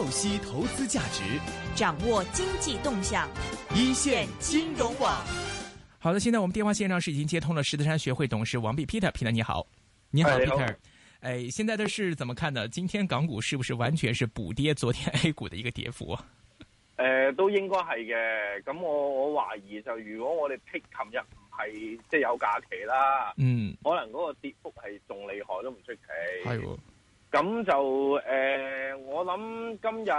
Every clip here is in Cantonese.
透析投資價值，掌握經濟動向，一線金融網。好的，現在我們電話線上是已經接通了獅子山學會董事王弼 Peter，Peter 你好，hey, 你好 Peter，你好哎，現在的是怎麼看呢？今天港股是不是完全是補跌昨天 A 股的一個跌幅啊、呃？都應該係嘅。咁我我懷疑就如果我哋劈琴日唔係即係有假期啦，嗯，可能嗰個跌幅係仲厲害都唔出奇，係、哎。咁就誒、呃，我諗今日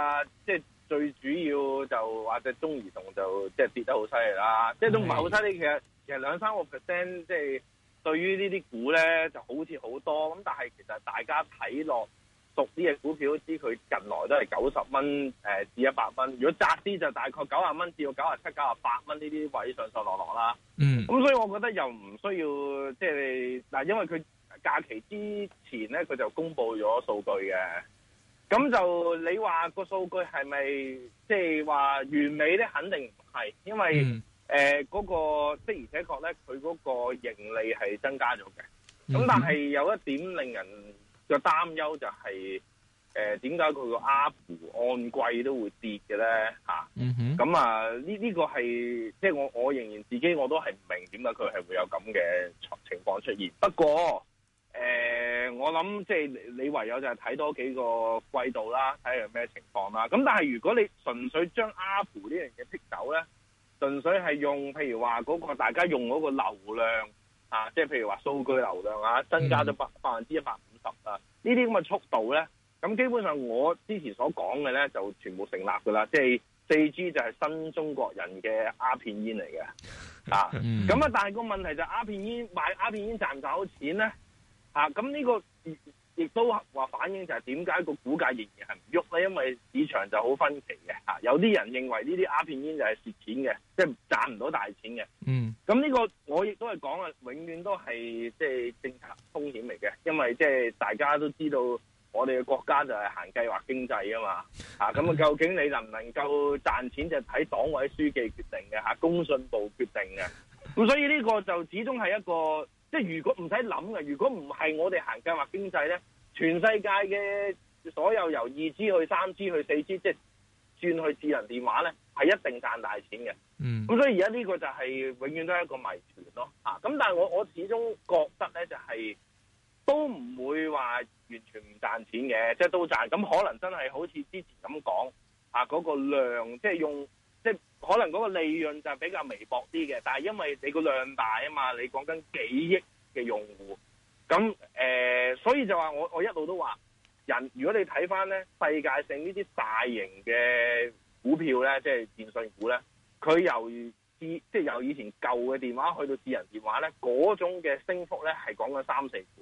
即係最主要就或者中移動就即係、就是、跌得好犀利啦，即係、就是、都唔係好犀利。其實其實兩三個 percent 即係對於呢啲股咧就好似好多。咁但係其實大家睇落熟啲嘅股票，知佢近來都係九十蚊誒至一百蚊。如果窄啲就大概九十蚊至到九十七、九十八蚊呢啲位上上落落啦。嗯。咁所以我覺得又唔需要即係，你、就是，但係因為佢。假期之前咧，佢就公布咗數據嘅。咁就你話個數據係咪即係話完美咧？肯定唔係，因為誒嗰、mm-hmm. 呃那個即係的而且確咧，佢嗰個盈利係增加咗嘅。咁、mm-hmm. 但係有一點令人嘅擔憂就係誒點解佢個阿胡按季都會跌嘅咧？吓、mm-hmm. 啊，咁啊呢呢個係即係我我仍然自己我都係唔明點解佢係會有咁嘅情況出現。不過，誒、呃，我諗即係你，你唯有就係睇多幾個季度啦，睇下咩情況啦。咁但係如果你純粹將阿普呢樣嘢剔走咧，純粹係用，譬如話嗰個大家用嗰個流量啊，即係譬如話數據流量啊，增加咗百百分之一百五十啊，呢啲咁嘅速度咧，咁基本上我之前所講嘅咧就全部成立噶啦。即係四 G 就係新中國人嘅鴉片煙嚟嘅啊。咁、嗯、啊，但係個問題就係鴉片煙賣鴉片煙賺唔賺到錢咧？啊！咁呢個亦都話反映就係點解個股價仍然係唔喐咧？因為市場就好分歧嘅嚇、啊，有啲人認為呢啲鴉片煙就係蝕錢嘅，即、就、係、是、賺唔到大錢嘅。嗯。咁、啊、呢個我亦都係講啊，永遠都係即係政策風險嚟嘅，因為即係大家都知道我哋嘅國家就係行計劃經濟啊嘛。啊！咁啊，究竟你能唔能夠賺錢就睇黨委書記決定嘅嚇、啊，工信部決定嘅。咁所以呢個就始終係一個。即係如果唔使諗嘅，如果唔係我哋行計劃經濟咧，全世界嘅所有由二 G 去三 G 去四 G，即係轉去智能電話咧，係一定賺大錢嘅。嗯，咁所以而家呢個就係永遠都係一個謎團咯。啊，咁但係我我始終覺得咧，就係都唔會話完全唔賺錢嘅，即係都賺。咁可能真係好似之前咁講啊嗰個量即係用。即、就、係、是、可能嗰個利潤就比較微薄啲嘅，但係因為你個量大啊嘛，你講緊幾億嘅用戶，咁誒、呃，所以就話我我一路都話人，如果你睇翻咧世界性呢啲大型嘅股票咧，即係電信股咧，佢由即係由以前舊嘅電話去到智能電話咧，嗰種嘅升幅咧係講緊三四倍，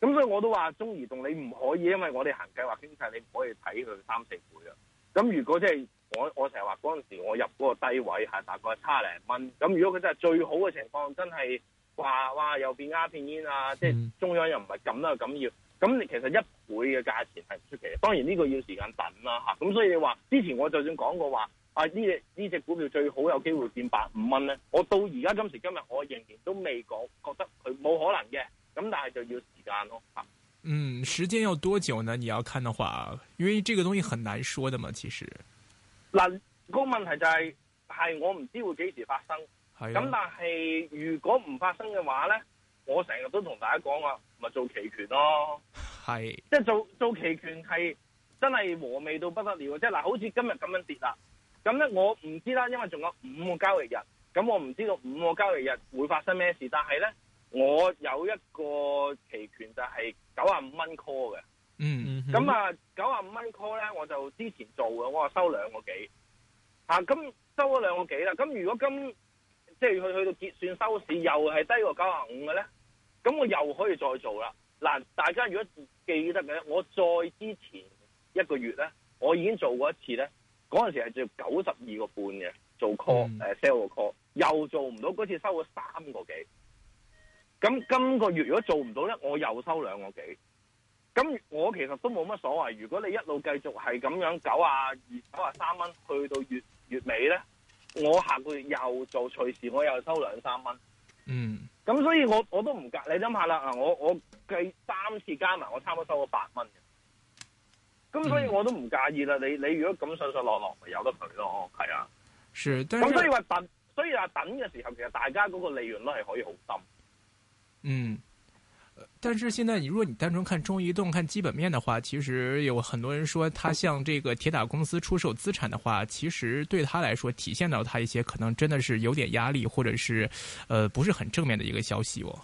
咁所以我都話中移動你唔可以，因為我哋行計劃經濟，你唔可以睇佢三四倍啊，咁如果即係。我我成日話嗰陣時我入嗰個低位吓大概差零蚊咁，如果佢真係最好嘅情況，真係話哇又變鴉片煙啊，即係中央又唔係咁啦咁要咁，其實一倍嘅價錢係唔出奇嘅。當然呢個要時間等啦吓，咁所以你話之前我就算講過話啊呢隻呢隻股票最好有機會變八五蚊咧，我到而家今時今日我仍然都未講覺得佢冇可能嘅，咁但係就要時間咯吓。嗯，時間要多久呢？你要看的話，因為呢個東西很難說的嘛，其實。嗱、那個問題就係、係、係我唔知會幾時發生，咁、啊、但係如果唔發生嘅話咧，我成日都同大家講啊，咪、就是、做期權咯，係即係做做期權係真係和味到不得了，即係嗱，好似今日咁樣跌啦，咁咧我唔知啦，因為仲有五個交易日，咁我唔知道五個交易日會發生咩事，但係咧我有一個期權就係九十五蚊 call 嘅。嗯，嗯，咁、嗯、啊，九啊五蚊 call 咧，我就之前做嘅，我收兩個幾，吓、啊，咁收咗兩個幾啦。咁如果今即係去去到結算收市又係低過九啊五嘅咧，咁我又可以再做啦。嗱，大家如果記得嘅，我再之前一個月咧，我已經做過一次咧，嗰陣時係做九十二個半嘅做 call，誒、嗯 uh, sell 個 call，又做唔到，嗰次收咗三個幾。咁今個月如果做唔到咧，我又收兩個幾。咁我其實都冇乜所謂，如果你一路繼續係咁樣九啊二九啊三蚊去到月月尾咧，我下個月又做，隨時我又收兩三蚊。嗯，咁所以我我都唔介。你諗下啦，啊，我我計三次加埋，我差唔多收咗八蚊。咁所以我都唔介意啦，嗯。你你如果咁上上落落咪由得佢咯，係啊。是，咁所以話等，所以話等嘅時候其實大家嗰個利潤都係可以好深。嗯。但是現在你如果你單純看中移動看基本面的話，其實有很多人說，他向這個鐵塔公司出售資產的話，其實對他來說體現到他一些可能真的是有點壓力，或者是，呃，不是很正面的一個消息哦。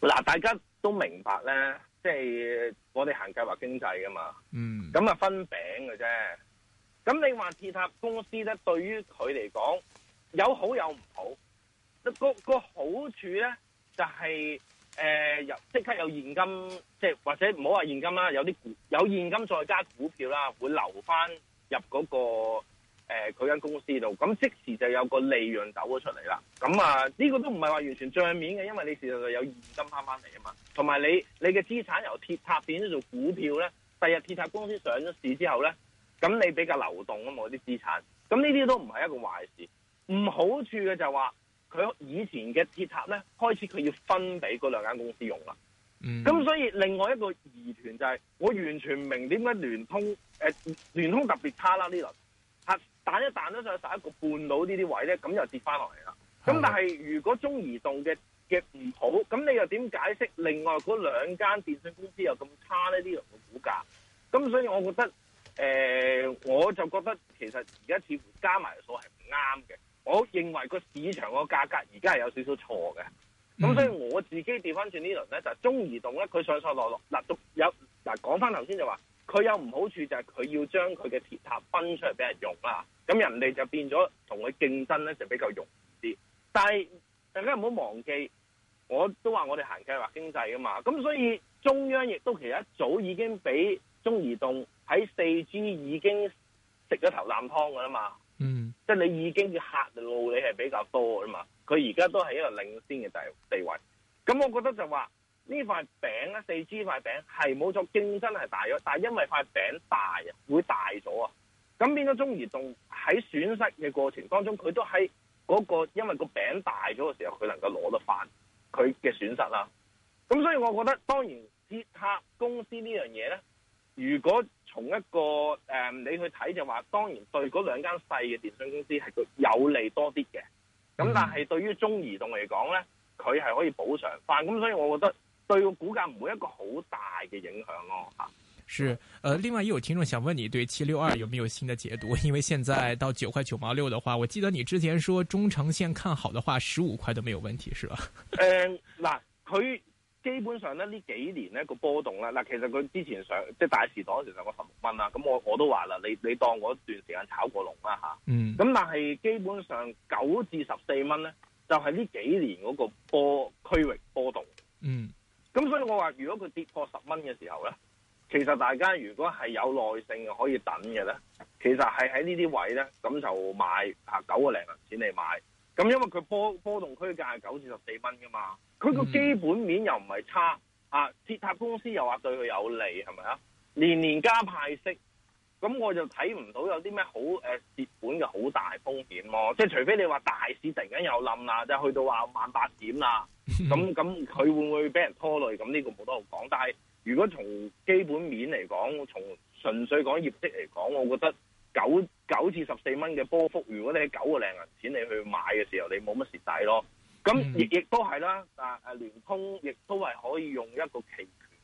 嗱，大家都明白咧，即係我哋行計劃經濟噶嘛，嗯，咁啊分餅嘅啫。咁你話鐵塔公司咧，對於佢嚟講有好有唔好。嗱，個個好處咧就係。誒、呃，即刻有現金，即係或者唔好話現金啦，有啲股有現金再加股票啦，會留翻入嗰、那個誒佢間公司度，咁即時就有個利潤走咗出嚟啦。咁啊，呢、這個都唔係話完全賬面嘅，因為你事實上有現金返翻嚟啊嘛。同埋你你嘅資產由鐵塔變咗做股票咧，第日鐵塔公司上咗市之後咧，咁你比較流動啊嘛啲資產，咁呢啲都唔係一個壞事。唔好處嘅就係話。佢以前嘅鐵塔咧，開始佢要分俾嗰兩間公司用啦。咁、嗯、所以另外一個疑團就係，我完全唔明點解聯通誒、呃、聯通特別差啦呢輪，彈一彈咗上去十一個半到呢啲位咧，咁又跌翻落嚟啦。咁、嗯、但係如果中移動嘅嘅唔好，咁你又點解釋另外嗰兩間電信公司又咁差咧呢輪嘅股價？咁所以我覺得誒、呃，我就覺得其實而家似乎加埋數係唔啱嘅。我認為個市場個價格而家係有少少錯嘅，咁、嗯、所以我自己調翻轉呢輪咧就是、中移動咧佢上上落落嗱都有嗱講翻頭先就話佢有唔好處，就係佢要將佢嘅鐵塔分出嚟俾人用啦，咁人哋就變咗同佢競爭咧就比較容易啲，但係大家唔好忘記，我都話我哋行計劃經濟噶嘛，咁所以中央亦都其實一早已經俾中移動喺四 G 已經食咗頭啖湯噶啦嘛。嗯、mm-hmm.，即係你已經要客路，你係比較多啊嘛。佢而家都係一個領先嘅地地位。咁我覺得就話呢塊餅咧，四 G 塊餅係冇錯，競爭係大咗，但係因為塊餅大啊，會大咗啊。咁變咗中移動喺損失嘅過程當中，佢都喺嗰、那個因為那個餅大咗嘅時候，佢能夠攞得翻佢嘅損失啦。咁所以我覺得，當然鐵塔公司這件事呢樣嘢咧，如果。從一個誒、呃，你去睇就話，當然對嗰兩間細嘅電信公司係有利多啲嘅。咁但係對於中移動嚟講咧，佢係可以補償翻，咁所以我覺得對個股價唔會一個好大嘅影響咯。吓，是。誒、呃，另外亦有聽眾想問你對七六二有沒有新的解讀？因為現在到九塊九毛六的話，我記得你之前說中長線看好的話，十五塊都沒有問題，是吧？誒、呃，嗱、呃，佢。基本上咧呢幾年咧個波動咧嗱，其實佢之前上即係大時代嗰時上個十六蚊啦，咁我我都話啦，你你當我一段時間炒過龍啦嚇，咁、mm. 但係基本上九至十四蚊咧，就係呢幾年嗰個波區域波動。嗯，咁所以我話如果佢跌破十蚊嘅時候咧，其實大家如果係有耐性可以等嘅咧，其實係喺呢啲位咧，咁就買啊九個零銀錢嚟買。咁因為佢波波動區間係九至十四蚊㗎嘛，佢個基本面又唔係差，啊鐵塔公司又話對佢有利係咪啊？年年加派息，咁我就睇唔到有啲咩好誒蝕本嘅好大風險咯，即係除非你話大市突然間又冧啦，就去到話萬八點啦，咁咁佢會唔會俾人拖累？咁呢個冇得講。但係如果從基本面嚟講，從純粹講業績嚟講，我覺得。九九至十四蚊嘅波幅，如果你九個零銀錢你去買嘅時候，你冇乜蝕底咯。咁亦亦都係啦，但係聯通亦都係可以用一個期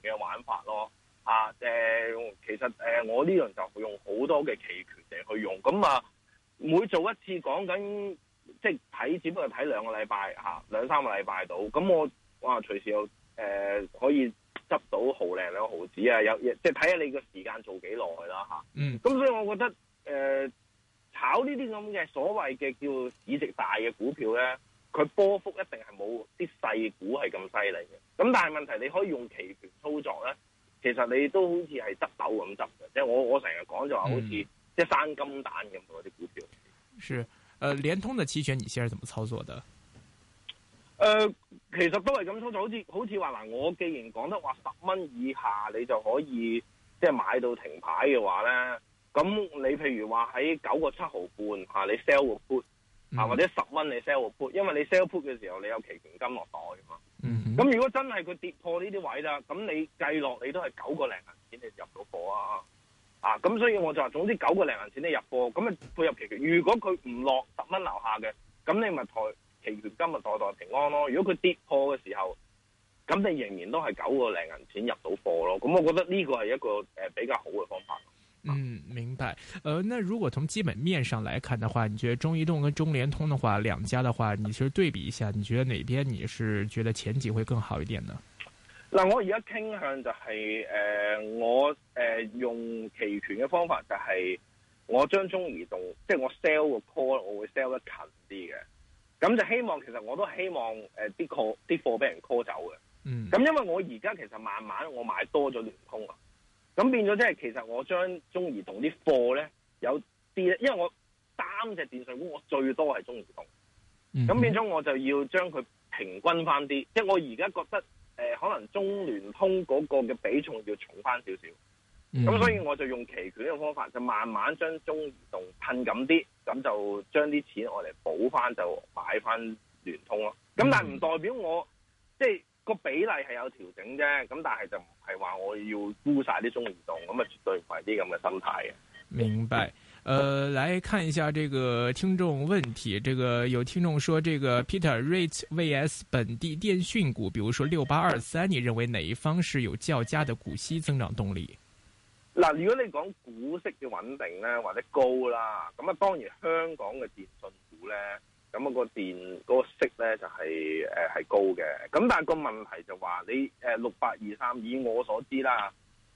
權嘅玩法咯。啊，誒、呃，其實誒、呃，我呢輪就用好多嘅期權嚟去用。咁啊，每做一次講緊，即係睇，只不過睇兩個禮拜嚇，兩三個禮拜到。咁我哇，隨時又誒、呃、可以執到毫零兩個毫子啊，有即係睇下你個時間做幾耐啦嚇。咁、啊 mm-hmm. 所以，我覺得。誒、呃，炒呢啲咁嘅所謂嘅叫市值大嘅股票咧，佢波幅一定係冇啲細股係咁犀利嘅。咁、嗯、但係問題，你可以用期權操作咧，其實你都好似係執斗咁執嘅，即係我我成日講就話好似、嗯、即係生金蛋咁嗰啲股票。是，誒、呃，聯通嘅期權你先係怎麼操作嘅？誒、呃，其實都係咁操作，好似好似話嗱，我既然講得話十蚊以下你就可以即係買到停牌嘅話咧。咁你譬如話喺九個七毫半吓，你 sell 個 put 或者十蚊你 sell 個 put，因為你 sell put 嘅時候你有期權金落袋噶嘛。咁、嗯、如果真係佢跌破呢啲位啦，咁你計落你都係九個零銀錢你就入到貨啊。啊，咁所以我就話，總之九個零銀錢你入貨，咁咪配入期權。如果佢唔落十蚊樓下嘅，咁你咪袋期權金咪袋袋平安咯。如果佢跌破嘅時候，咁你仍然都係九個零銀錢入到貨咯。咁我覺得呢個係一個誒比較好嘅方法。嗯，明白。呃，那如果從基本面上來看的話，你覺得中移動跟中聯通的話，兩家的話，你其實對比一下，你覺得哪邊你是覺得前景會更好一點呢？嗱、呃，我而家傾向就係、是，誒、呃，我誒、呃、用期權嘅方法，就係我將中移動，即係我 sell 個 call，我會 sell 得近啲嘅。咁就希望，其實我都希望，誒、呃、啲貨啲貨俾人 call 走嘅。嗯。咁因為我而家其實慢慢我買多咗聯通啊。咁變咗即係其實我將中移動啲貨咧有啲咧，因為我三隻電信股我最多係中移動，咁變咗我就要將佢平均翻啲，即係我而家覺得、呃、可能中聯通嗰個嘅比重要重翻少少，咁所以我就用期權嘅方法就慢慢將中移動噴緊啲，咁就將啲錢我嚟補翻就買翻聯通咯。咁但唔代表我即係個比例係有調整啫，咁但係就。係話我要沽晒呢中移動，咁啊，絕對唔係啲咁嘅心態嘅。明白，誒、呃，來看一下這個聽眾問題。這個有聽眾說，這個 Peter REITs vs 本地電訊股，比如說六八二三，你認為哪一方是有較佳的股息增長動力？嗱，如果你講股息嘅穩定咧，或者高啦，咁啊，當然香港嘅電訊股咧。咁啊，個電嗰、嗰個息咧就係、是、係、呃、高嘅。咁但係個問題就話你誒六百二三，呃、6823，以我所知啦。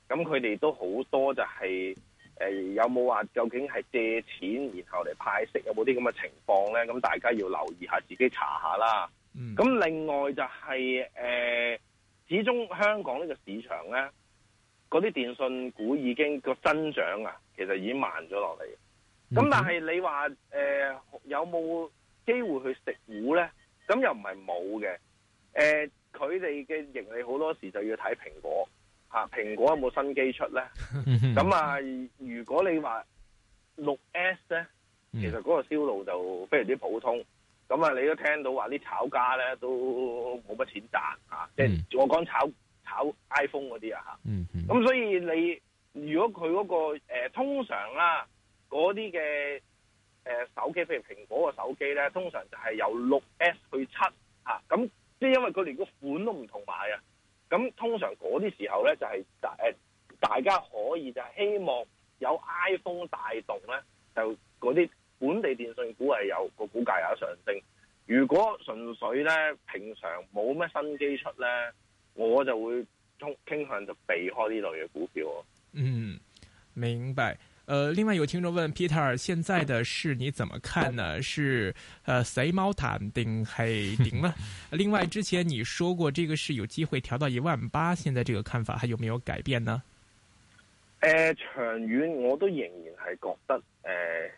咁佢哋都好多就係、是呃、有冇話究竟係借錢然後嚟派息，有冇啲咁嘅情況咧？咁大家要留意下，自己查下啦。咁、嗯、另外就係、是、誒、呃，始終香港呢個市場咧，嗰啲電信股已經、嗰個增長啊，其實已經慢咗落嚟。咁但係你話、呃、有冇，機會去食糊咧，咁又唔係冇嘅。誒、呃，佢哋嘅盈利好多時就要睇蘋果嚇、啊，蘋果有冇新機出咧？咁 啊，如果你話六 S 咧，其實嗰個銷路就非常之普通。咁 啊，你都聽到話啲炒家咧都冇乜錢賺嚇，即係我講炒炒 iPhone 嗰啲啊嚇。咁 所以你如果佢嗰、嗰個、呃、通常啦、啊，嗰啲嘅。誒，手機譬如蘋果個手機咧，通常就係由六 S 去七吓，啊，咁即係因為佢連個款都唔同買啊。咁通常嗰啲時候咧，就係、大、誒，大家可以就希望有 iPhone 帶動咧，就嗰啲本地電信股係有個股價有上升。如果純粹咧平常冇咩新機出咧，我就會沖傾向就避開呢類嘅股票。嗯，明白。呃，另外有聽眾問 Peter，現在的市你怎麼看呢？是，呃，係死貓彈定係頂呢？另外之前你說過這個市有機會調到一萬八，現在這個看法還有沒有改變呢？誒、呃，長遠我都仍然係覺得誒，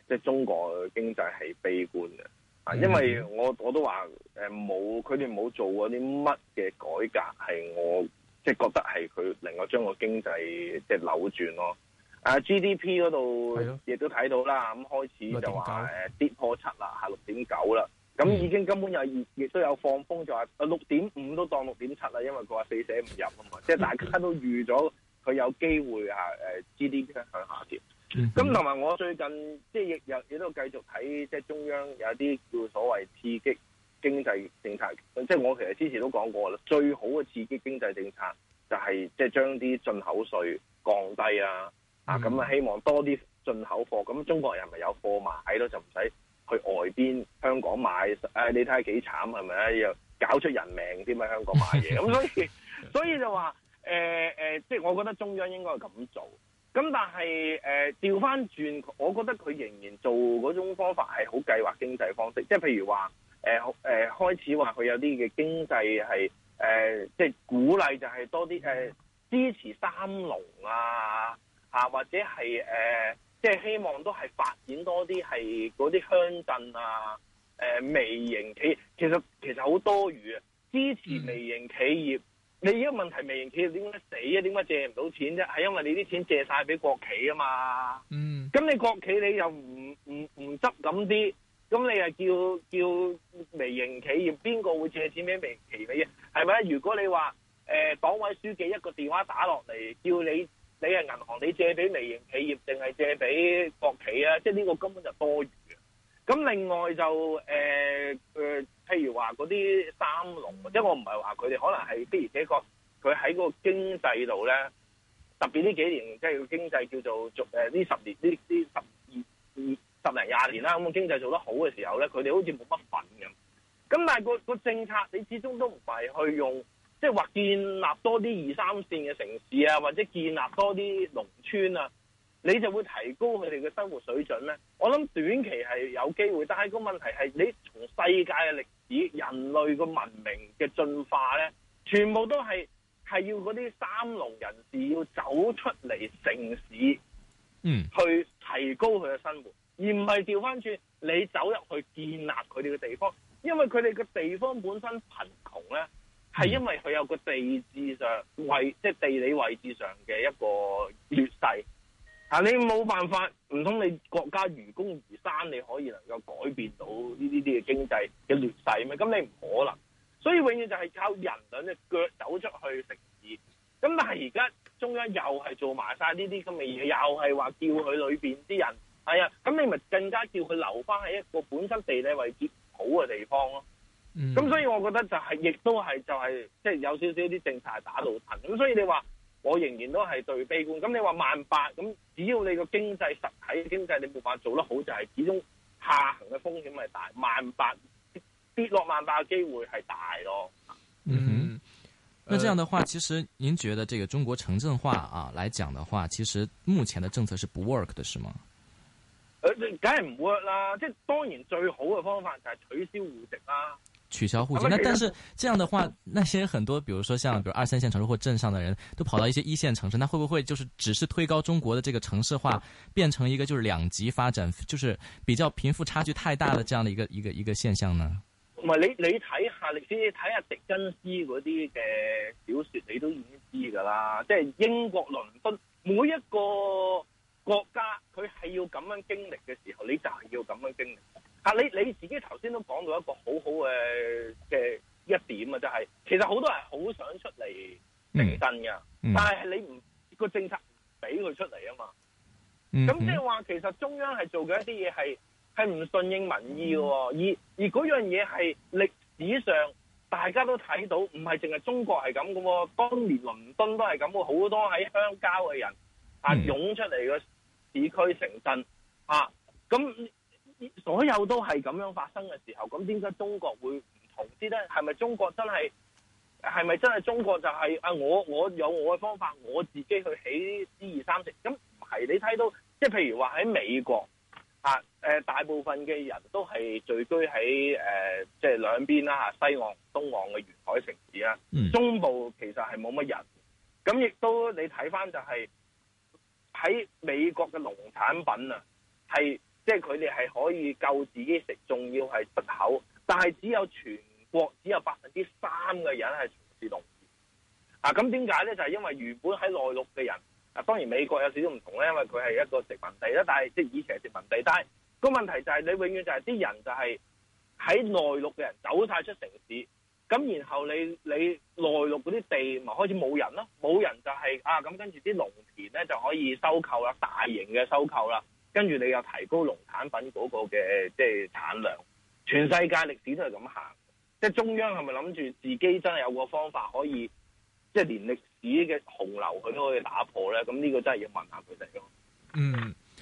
呃、中國經濟係悲觀嘅、啊、因為我我都話誒冇，佢哋冇做嗰啲乜嘅改革，係我即係覺得係佢能夠將個經濟即係扭轉咯。啊，GDP 嗰度亦都睇到啦，咁開始就話誒跌破七啦，係六點九啦，咁、嗯、已經根本有亦都有放風，就話啊六點五都當六點七啦，因為佢話四捨唔入啊嘛，即、嗯、係、就是、大家都預咗佢有機會啊誒、呃、GDP 向下跌。咁同埋我最近即係亦又亦都繼續睇，即、就、係、是、中央有啲叫做所謂刺激經濟政策，即、就、係、是、我其實之前都講過啦，最好嘅刺激經濟政策就係即係將啲進口稅降低啊。啊，咁啊，希望多啲進口貨，咁中國人咪有貨買咯，就唔使去外邊香港買。誒、哎，你睇下幾慘，係咪啊？又搞出人命添啊香港買嘢，咁所以所以就話誒誒，即、呃、係、呃、我覺得中央應該係咁做。咁但係誒調翻轉，我覺得佢仍然做嗰種方法係好計劃經濟方式，即係譬如話誒誒開始話佢有啲嘅經濟係誒，即、呃、係、就係、鼓勵就係多啲誒、呃、支持三農啊。啊，或者係誒、即、呃、係、就是、希望都係發展多啲係嗰啲鄉鎮啊，誒、呃，微型企業，其實其實好多餘啊，支持微型企業。你依個問題，微型企業點解死啊？點解借唔到錢啫，啊？係因為你啲錢借晒俾國企啊嘛。嗯。咁你國企你又唔唔唔執咁啲，咁你又叫叫微型企業邊個會借錢俾微型企業？係咪？如果你話誒、呃、黨委書記一個電話打落嚟，叫你。你係銀行，你借俾微型企業定係借俾國企啊？即係呢個根本就多餘。咁另外就誒誒、呃呃，譬如話嗰啲三農，即係我唔係話佢哋可能係的，而且確佢喺個經濟度咧，特別呢幾年即係個經濟叫做做誒呢十年呢呢十二十二十零廿年啦。咁個經濟做得好嘅時候咧，佢哋好似冇乜份咁。咁但係個個政策，你始終都唔係去用。即係話建立多啲二三線嘅城市啊，或者建立多啲農村啊，你就會提高佢哋嘅生活水準呢。我諗短期係有機會，但係個問題係你從世界嘅歷史、人類嘅文明嘅進化咧，全部都係係要嗰啲三農人士要走出嚟城市，嗯，去提高佢嘅生活，而唔係調翻轉你走入去建立佢哋嘅地方，因為佢哋嘅地方本身貧窮咧。係因為佢有個地勢上位，即係地理位置上嘅一個劣勢。吓，你冇辦法，唔通你國家愚公移山，你可以能夠改變到呢啲啲嘅經濟嘅劣勢咩？咁你唔可能，所以永遠就係靠人兩隻腳走出去城市。咁但係而家中央又係做埋晒呢啲咁嘅嘢，又係話叫佢裏邊啲人，係啊，咁你咪更加叫佢留翻喺一個本身地理位置唔好嘅地方咯。咁、嗯、所以我覺得就係、是，亦都係就係、是，即、就、係、是、有少少啲政策係打倒褪。咁所以你話我仍然都係對悲觀。咁你話萬八，咁只要你個經濟實體經濟你冇法做得好，就係始終下行嘅風險係大，萬八跌落萬八嘅機會係大咯。嗯，那這樣的話、呃，其實您覺得這個中國城鎮化啊來講的話，其實目前的政策是不 work 的，是嗎？梗係唔 work 啦。即係當然最好嘅方法就係取消戶籍啦。取消戶籍，那但是這樣的話，那些很多，比如說像比如二三線城市或鎮上的人都跑到一些一線城市，那會不會就是只是推高中國的這個城市化，變成一個就是兩極發展，就是比較貧富差距太大的這樣的一個一個一個現象呢？唔係，你你睇下歷史，你睇下狄更斯嗰啲嘅小說，你都已經知噶啦。即係英國倫敦，每一個國家佢係要咁樣經歷嘅時候，你就係要咁樣經歷。啊！你你自己頭先都講到一個好好嘅嘅一點啊，就係、是、其實好多人好想出嚟城鎮噶，但係你唔個政策唔俾佢出嚟啊嘛。咁即係話，其實中央係做緊一啲嘢，係係唔順應民意嘅、嗯。而而嗰樣嘢係歷史上大家都睇到，唔係淨係中國係咁嘅。當年倫敦都係咁，好多喺鄉郊嘅人出來的市政政、嗯、啊，湧出嚟嘅市區城鎮啊，咁。所有都係咁樣發生嘅時候，咁點解中國會唔同啲咧？係咪中國真係？係咪真係中國就係、是、啊？我我有我嘅方法，我自己去起一二三四。咁唔係，你睇到即係譬如話喺美國啊，誒、呃，大部分嘅人都係聚居喺誒即係兩邊啦吓，西岸、東岸嘅沿海城市啦，mm. 中部其實係冇乜人。咁亦都你睇返就係、是、喺美國嘅農產品啊，係。即係佢哋係可以夠自己食，仲要係出口，但係只有全國只有百分之三嘅人係從事農業。啊，咁點解呢？就係、是、因為原本喺內陸嘅人，啊，當然美國有少少唔同咧，因為佢係一個殖民地啦，但係即係以前係殖民地。但係個問題就係你永遠就係、是、啲人就係喺內陸嘅人走晒出城市，咁然後你你內陸嗰啲地咪開始冇人咯，冇人就係、是、啊咁跟住啲農田呢，就可以收購啦，大型嘅收購啦。跟住你又提高農產品嗰個嘅即係產量，全世界歷史都係咁行，即係中央係咪諗住自己真係有個方法可以，即係連歷史嘅洪流佢都可以打破咧？咁呢個真係要問下佢哋咯。嗯。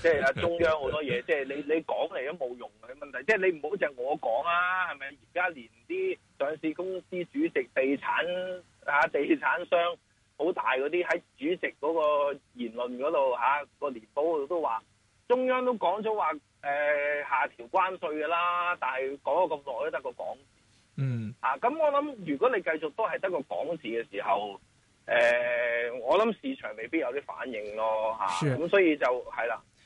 即係啊，中央好多嘢，即係你你講嚟都冇用嘅問題，即係你唔好淨係我講啊，係咪？而家連啲上市公司主席、地產啊、地產商好大嗰啲喺主席嗰個言論嗰度吓個年報度都話中央都講咗話誒下調關稅噶啦，但係講咗咁耐都得個講字，嗯啊，咁我諗如果你繼續都係得個講字嘅時候，誒，我諗市場未必有啲反應咯吓，咁所以就係啦。對了。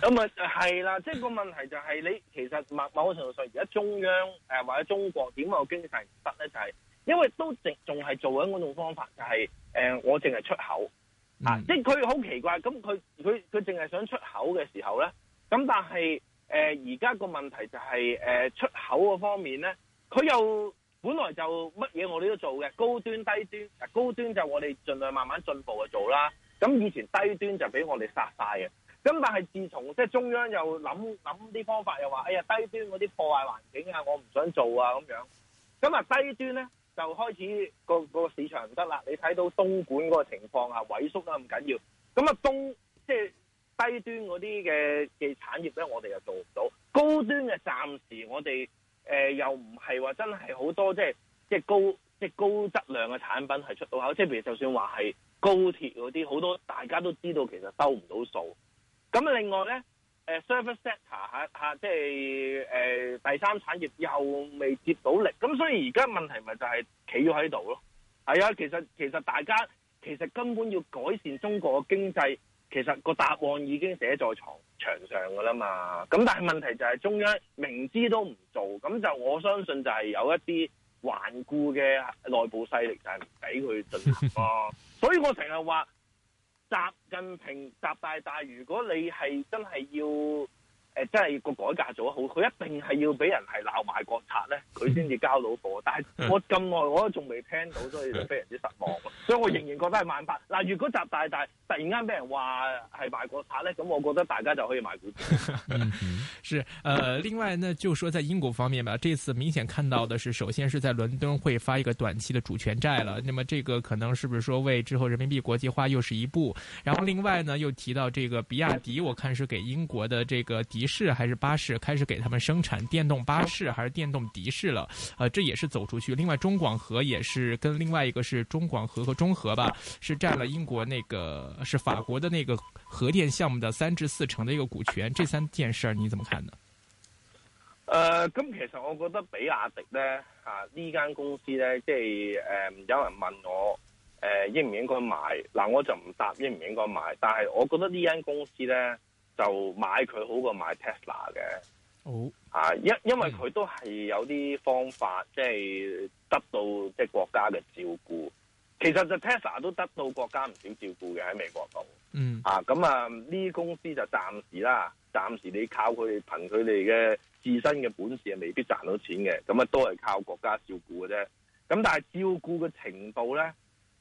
咁啊，係啦，即係個問題就係你其實某某程度上，而家中央誒、呃、或者中國點解經濟突然唔得咧？就係、是、因為都仲仲係做緊嗰種方法，就係、是、誒、呃、我淨係出口啊！即係佢好奇怪，咁佢佢佢淨係想出口嘅時候咧，咁但係誒而家個問題就係、是、誒、呃、出口嗰方面咧，佢又本來就乜嘢我哋都做嘅，高端低端，高端就我哋盡量慢慢進步去做啦。咁以前低端就俾我哋殺晒嘅。咁但係自從即係中央又諗諗啲方法，又話哎呀低端嗰啲破壞環境啊，我唔想做啊咁樣。咁啊低端咧就開始個個市場唔得啦。你睇到東莞嗰個情況啊，萎縮得咁緊要。咁啊東即係、就是、低端嗰啲嘅嘅產業咧，我哋又做唔到。高端嘅暫時我哋誒、呃、又唔係話真係好多，即係即係高即係、就是、高質量嘅產品係出到口。即係譬如就算話係高鐵嗰啲，好多大家都知道其實收唔到數。咁另外咧、呃、service sector、啊啊、即係、呃、第三產業又未接到力，咁所以而家問題咪就係企咗喺度咯。係、哎、啊，其實其實大家其實根本要改善中國嘅經濟，其實個答案已經寫在牀牆上噶啦嘛。咁但係問題就係中央明知都唔做，咁就我相信就係有一啲頑固嘅內部勢力就係唔俾佢進行咯。 所以我成日話。習近平習大大，如果你係真係要。誒，真係個改革做得好，佢一定係要俾人係鬧賣國賊咧，佢先至交到貨。但係我咁耐我都仲未聽到，所以非常之失望。所以我仍然覺得係萬八。嗱，如果習大大突然間俾人話係賣國賊咧，咁我覺得大家就可以買股票 是，誒、呃，另外呢，就說在英國方面吧，這次明顯看到的是，首先是在倫敦會發一個短期的主權債了。那麼這個可能是不是說為之後人民幣國際化又是一步？然後另外呢，又提到這個比亞迪，我看是給英國的這個迪士還是巴士開始給他們生產電動巴士還是電動的士了，呃，這也是走出去。另外，中廣核也是跟另外一個是中廣核和中核吧，是佔了英國那個是法國的那個核電項目的三至四成的一個股權。這三件事兒你怎麼看呢？呃，咁、嗯、其實我覺得比亞迪呢，啊，呢間公司呢，即係、呃、有人問我誒、呃、應唔應該買，嗱、呃，我就唔答應唔應該買。但係我覺得呢間公司呢，就買佢好過買 Tesla 嘅，好、oh，啊，因因為佢都係有啲方法，即、就、係、是、得到即係、就是、國家嘅照顧。其實就 Tesla 都得到國家唔少照顧嘅喺美國度，mm，啊，嗯啊，咁啊呢啲公司就暫時啦，暫時你靠佢，憑佢哋嘅自身嘅本事啊，未必賺到錢嘅，咁啊都係靠國家照顧嘅啫。咁但係照顧嘅程度咧，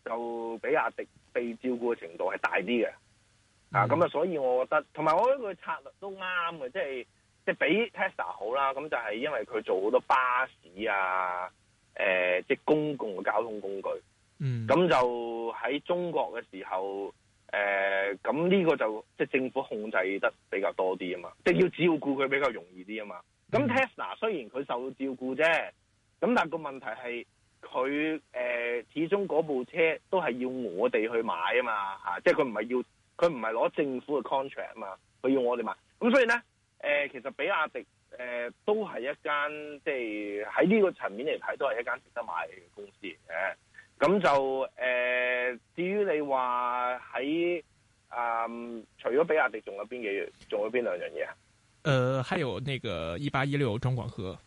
就比亞迪被照顧嘅程度係大啲嘅。嗯、啊，咁啊，所以我覺得同埋我覺得佢策略都啱嘅，就是，即係即係比 Tesla 好啦。咁就係因為佢做好多巴士啊，誒、呃、即係公共嘅交通工具。嗯，咁就喺中國嘅時候，誒咁呢個就即係政府控制得比較多啲啊嘛，即係要照顧佢比較容易啲啊嘛。咁、嗯、Tesla 雖然佢受到照顧啫，咁但係個問題係佢誒始終嗰部車都係要我哋去買啊嘛，吓、啊，即係佢唔係要。佢唔係攞政府嘅 contract 啊嘛，佢要我哋買，咁所以咧，誒、呃，其實比亞迪，誒、呃，都係一間，即係喺呢個層面嚟睇，都係一間值得買嘅公司誒。咁、啊、就誒、呃，至於你話喺，嗯、呃，除咗比亞迪，仲有邊幾樣，仲有邊兩樣嘢啊？誒，還有呢、呃、個一八一六中廣核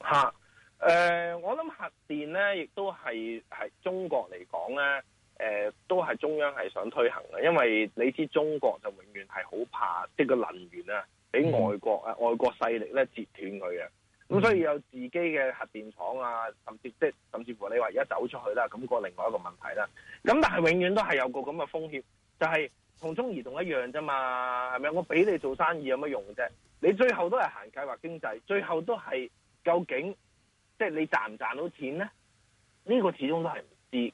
吓，誒、呃，我諗核電咧，亦都係係中國嚟講咧。誒、呃，都係中央係想推行嘅，因為你知道中國就永遠係好怕即個、就是、能源啊，俾外國啊外國勢力咧截斷佢嘅，咁所以有自己嘅核電廠啊，甚至即甚至乎你話而家走出去啦，咁、那個另外一個問題啦，咁但係永遠都係有個咁嘅風險，就係、是、同中移動一樣啫嘛，係咪？我俾你做生意有乜用啫？你最後都係行計劃經濟，最後都係究竟即、就是、你賺唔賺到錢咧？呢、這個始終都係。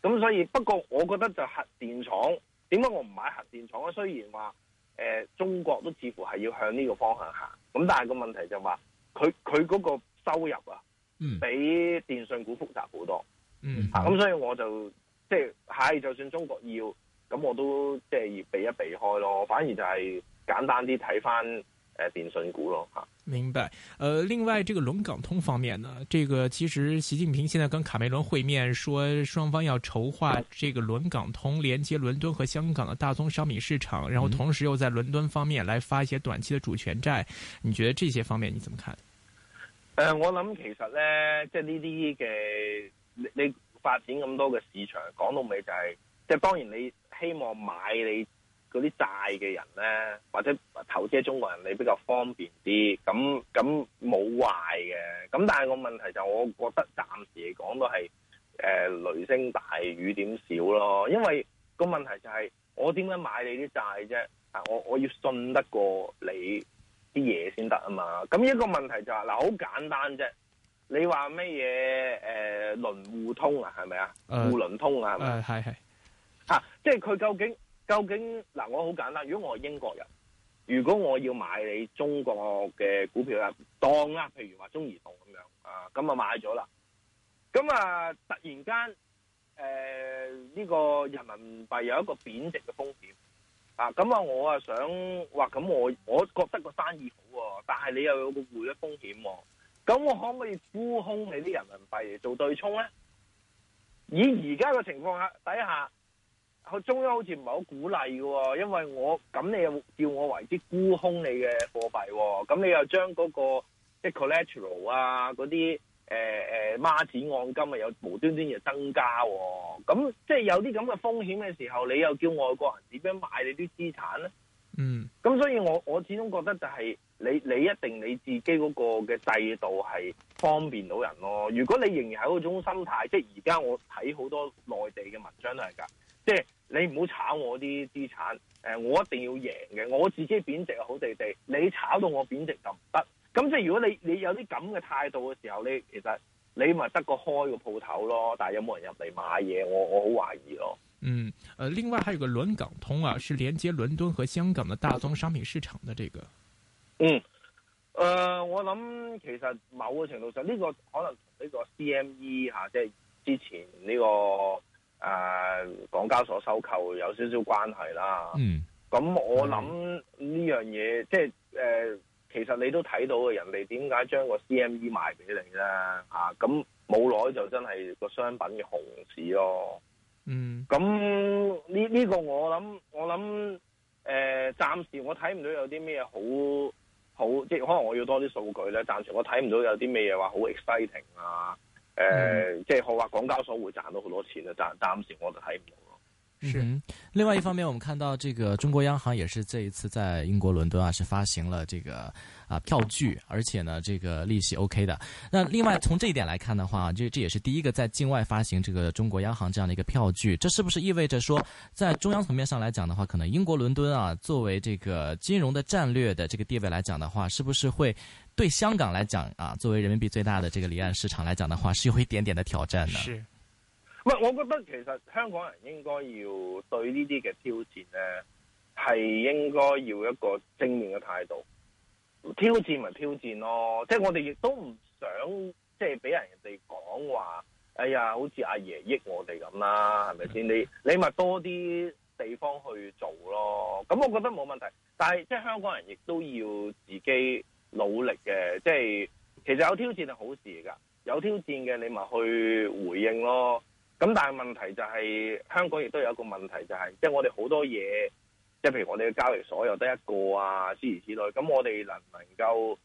咁所以，不過我覺得就核電廠點解我唔買核電廠咧？雖然話誒、呃、中國都似乎係要向呢個方向行，咁但係個問題就話佢佢嗰個收入啊，比電信股複雜好多。咁、嗯、所以我就即係，係、嗯就，就是、就算中國要，咁我都即係、就是、要避一避開咯。反而就係簡單啲睇返。誒，電信股咯，明白。呃、另外，這個倫港通方面呢，這個其實習近平現在跟卡梅倫會面，說雙方要籌劃這個倫港通連接倫敦和香港的大宗商品市場，然後同時又在倫敦方面來發一些短期的主權債。你覺得這些方面你怎麼看？誒、呃，我諗其實呢，即係呢啲嘅你你發展咁多嘅市場，講到尾就係、是，即係當然你希望買你。嗰啲債嘅人咧，或者投資中國人你比較方便啲，咁咁冇壞嘅。咁但係個問題就我覺得暫時嚟講都係誒、呃、雷聲大雨點少咯。因為個問題就係，我點解買你啲債啫？啊，我我要信得過你啲嘢先得啊嘛。咁一個問題就係、話、嗱，好簡單啫。你話咩嘢誒？輪互通啊，係咪啊？互、呃、輪通啊，係咪？係、呃、係。嚇、啊！即係佢究竟？究竟嗱、啊，我好簡單。如果我係英國人，如果我要買你中國嘅股票啦，啊，當啦，譬如話中移動咁樣啊，咁啊買咗啦。咁啊，突然間誒呢個人民幣有一個貶值嘅風險啊，咁啊我啊想話咁我我覺得個生意好，哦，但係你又有個匯率風險，哦，咁我可唔可以沽空你啲人民幣嚟做對沖咧？以而家嘅情況下底下。佢中央好似唔係好鼓勵嘅，因為我咁你又叫我為之沽空你嘅貨幣，咁你又將嗰個即係 collateral 啊，嗰啲誒誒孖展按金啊，又無端端又增加，咁即係有啲咁嘅風險嘅時候，你又叫外國人點樣買你啲資產咧？嗯，咁所以我我始終覺得就係你你一定你自己嗰個嘅制度係方便到人咯。如果你仍然係嗰種心態，即係而家我睇好多內地嘅文章都係噶。即係你唔好炒我啲資產，誒，我一定要贏嘅。我自己貶值係好地地，你炒到我貶值就唔得。咁即係如果你你有啲咁嘅態度嘅時候，你其實你咪得開個開個鋪頭咯。但係有冇人入嚟買嘢，我我好懷疑咯。嗯，誒、呃，另外還有個倫港通啊，是連接倫敦和香港的大宗商品市場的這個。嗯，誒、呃，我諗其實某個程度上呢、這個可能呢個 CME 吓、啊，即係之前呢、這個。誒、呃，港交所收購有少少關係啦。嗯，咁我諗呢樣嘢，即係誒、呃，其實你都睇到嘅，人哋點解將個 CME 賣俾你咧？吓、啊，咁冇耐就真係個商品嘅熊市咯。嗯，咁呢呢個我諗，我諗誒，呃、暫時我睇唔到有啲咩好好，即係可能我要多啲數據咧。暫時我睇唔到有啲咩嘢話好 exciting 啊！誒、嗯，即係話，廣交所會賺到好多錢嘅，但暫時我就睇唔到咯。是，另外一方面，我們看到這個中國央行也是這一次在英國倫敦啊，是發行了這個啊票據，而且呢，這個利息 OK 的。那另外從這一點來看的話，啊，這這也是第一個在境外發行這個中國央行這樣的一個票據，這是不是意味着說，在中央層面上來講的話，可能英國倫敦啊，作為這個金融的戰略的這個地位來講的話，是不是會？對香港來講啊，作為人民幣最大的這個離岸市場來講的話，是有一點點的挑戰的。唔係，我覺得其實香港人應該要對呢啲嘅挑戰呢係應該要一個正面嘅態度。挑戰咪挑戰咯，即係我哋亦都唔想即係俾人哋講話，哎呀，好似阿爺益我哋咁啦，係咪先？你你咪多啲地方去做咯。咁我覺得冇問題，但係即係香港人亦都要自己努力嘅，即係其實有挑戰係好事嚟噶，有挑戰嘅你咪去回應咯。咁但係問題就係、是、香港亦都有一個問題就係、是，即係我哋好多嘢，即係譬如我哋嘅交易所又得一個啊，諸如此類。咁我哋能唔能夠誒、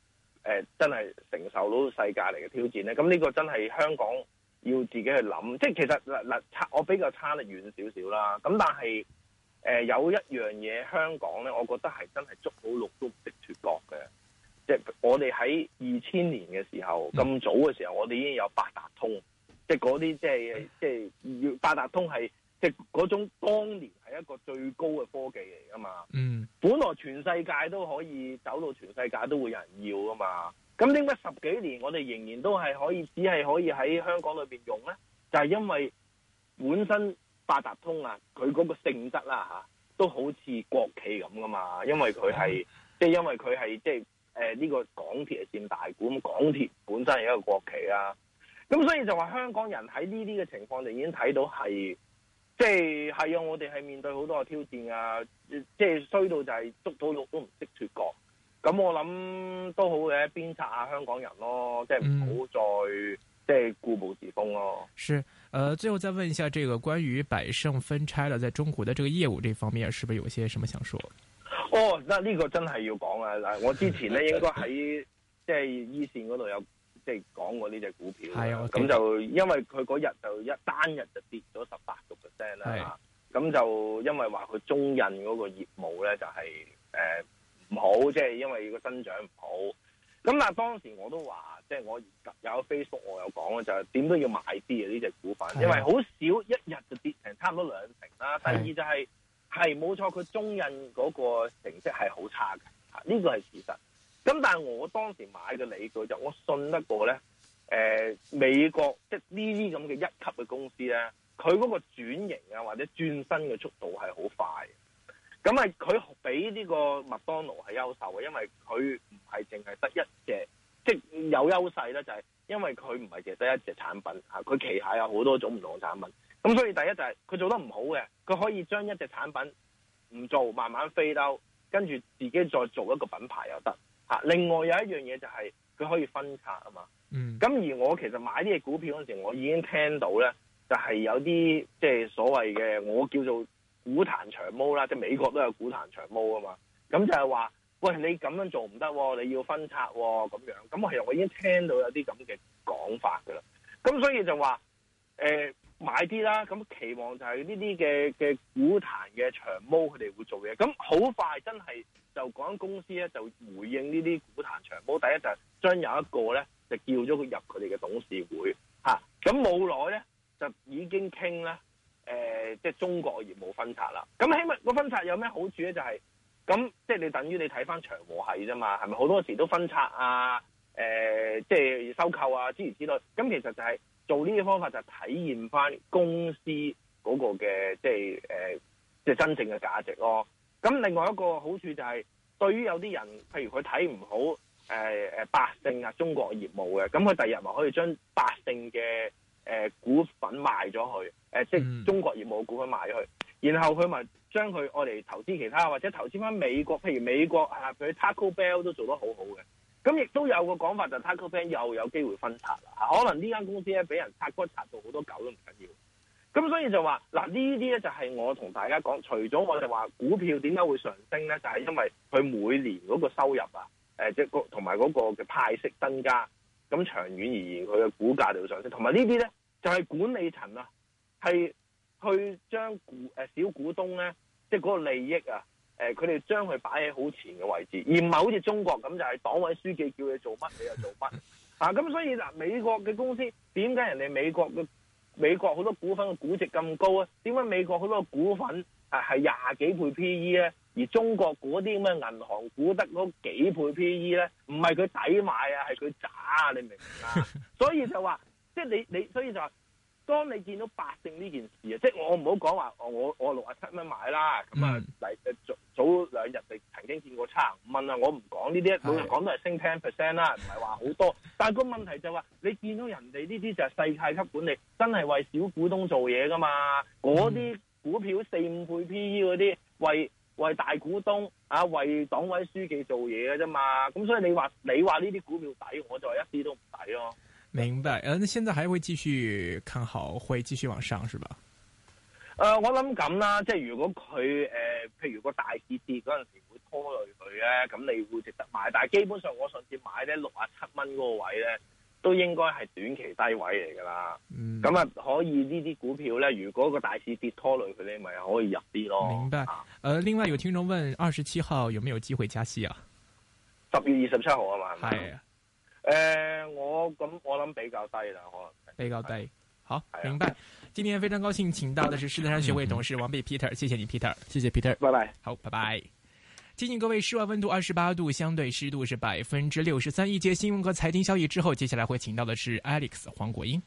呃，真係承受到世界嚟嘅挑戰咧？咁呢個真係香港要自己去諗。即係其實嗱嗱，我比較差得遠少少啦。咁但係誒、呃、有一樣嘢香港咧，我覺得係真係捉好六都。我哋喺二千年嘅時候咁、嗯、早嘅時候，我哋已經有八達通，即係嗰啲即係即係要八達通係即係嗰種當年係一個最高嘅科技嚟噶嘛。嗯，本來全世界都可以走到，全世界都會有人要噶嘛。咁點解十幾年我哋仍然都係可以只係可以喺香港裏邊用咧？就係、是、因為本身八達通啊，佢嗰個性質啦、啊、吓、啊，都好似國企咁噶嘛。因為佢係即係因為佢係即係。就是誒、呃、呢、這個港鐵係佔大股，咁港鐵本身係一個國企啊，咁所以就話香港人喺呢啲嘅情況就已經睇到係，即係係用我哋係面對好多嘅挑戰啊，即係衰到就係捉到鹿都唔識脫角，咁我諗都好嘅，鞭策下香港人咯，即係唔好再、嗯、即係固步自封咯。是，誒、呃，最後再問一下，這個關於百勝分拆了在中國嘅這個業務這方面，是不是有些什麼想說？哦，嗱，這，呢個真係要講啊！嗱，我之前咧應該喺即係依線嗰度有即係講過這隻呢隻股票。係啊，咁就因為佢嗰日就一單日就跌咗十八個 percent 啦。係，咁就因為話佢中印嗰個業務咧就係誒，唔好，即係因為個增長唔好。咁但，當時我都話，即係我有 Facebook，我有講嘅就係點都要買啲啊呢隻股份，因為好少一日就跌差不成差唔多兩成啦。第二就係，是。係冇錯，佢中印嗰個成績係好差嘅，呢個係事實。咁但係我當時買嘅理據就，我信得過咧，誒、呃、美國即係呢啲咁嘅一級嘅公司咧，佢嗰個轉型啊或者轉身嘅速度係好快。咁係佢比呢個麥當勞係優秀嘅，因為佢唔係淨係得一隻，即係有優勢咧就係、是、因為佢唔係淨係得一隻產品，吓、啊、佢旗下有好多種唔同嘅產品。咁所以第一就係佢做得唔好嘅，佢可以將一隻產品唔做，慢慢飛兜，跟住自己再做一個品牌又得嚇。另外有一樣嘢就係佢可以分拆啊嘛。嗯。咁而我其實買呢隻股票嗰陣時，我已經聽到咧，就係、是、有啲即係所謂嘅我叫做股壇長毛啦，即、就、係、是、美國都有股壇長毛啊嘛。咁就係話，喂，你咁樣做唔得喎，你要分拆喎咁樣。咁我其實我已經聽到有啲咁嘅講法噶啦。咁所以就話誒。呃買啲啦，咁期望就係呢啲嘅嘅股壇嘅長毛佢哋會做嘢，咁好快真係就講公司咧就回應呢啲股壇長毛，第一就將有一個咧就叫咗佢入佢哋嘅董事會吓，咁冇耐咧就已經傾啦，誒即係中國業務分拆啦，咁起碼個分拆有咩好處咧就係、是，咁即係你等於你睇翻長和系啫嘛，係咪好多時都分拆啊，誒即係收購啊，諸如此類，咁其實就係、是。做呢啲方法就體現翻公司嗰個嘅即係、呃、即係真正嘅價值咯、哦。咁另外一個好處就係、是，對於有啲人，譬如佢睇唔好誒誒、呃、百勝啊中國業務嘅，咁佢第日咪可以將百勝嘅、呃、股份賣咗佢、呃，即中國業務嘅股份賣咗佢，然後佢咪將佢我哋投資其他或者投資翻美國，譬如美國啊佢 Taco Bell 都做得好好嘅。咁亦都有個講法就 Taco Fan 又有機會分拆啦，可能呢間公司咧俾人拆骨拆到好多狗都唔緊要，咁所以就話嗱呢啲咧就係我同大家講，除咗我哋話股票點解會上升咧，就係因為佢每年嗰個收入啊，誒即係同埋嗰個嘅派息增加，咁長遠而言佢嘅股價就會上升，同埋呢啲咧就係管理層啊，係去將股誒小股東咧，即係嗰個利益啊。誒，佢哋將佢擺喺好前嘅位置，而唔係好似中國咁就係、是、黨委書記叫你做乜你就做乜 啊！咁所以嗱，美國嘅公司點解人哋美國嘅美國好多股份嘅估值咁高為什麼啊？點解美國好多股份啊係廿幾倍 P E 咧？而中國嗰啲咁嘅銀行估得嗰幾倍 P E 咧？唔係佢抵買啊，係佢渣啊！你明唔明啊？所以就話，即、就、係、是、你你，所以就話。當你見到百姓呢件事啊，即係我唔好講話，我我六啊七蚊買啦，咁啊嚟早兩日嚟曾經見過差五蚊啊，我唔講呢啲，老實講都係升 ten percent 啦，唔係話好多。 但係個問題就係話，你見到人哋呢啲就係世界級管理，真係為小股東做嘢噶嘛？嗰啲股票四五倍 P E 嗰啲，為為大股東啊，為黨委書記做嘢嘅啫嘛。咁所以你話你話呢啲股票抵我，我就一啲都唔抵咯。明白，誒、呃，那現在還會繼續看好，會繼續往上，是吧？誒、呃，我諗咁啦，即係如果佢誒、呃，譬如個大市跌嗰陣時會拖累佢咧，咁你會值得買。但係基本上我上次買咧六十七蚊嗰個位咧，都應該係短期低位嚟噶啦。咁、嗯、啊，那可以呢啲股票咧，如果個大市跌拖累佢你咪可以入啲咯。明白。誒、啊呃，另外有聽眾問，二十七號有冇機會加息啊？十月二十七號啊嘛？係。誒、呃，我咁我諗比較低啦，可能比較低。好、啊，明白。今天非常高興，請到的是獅子山學會董事王弼 Peter，謝謝你 Peter，謝謝 Peter，拜拜。好，拜拜。提醒各位室外溫度二十八度，相對濕度是百分之六十三。一節新聞和財經消息之後，接下來會請到的是 Alex 黃國英。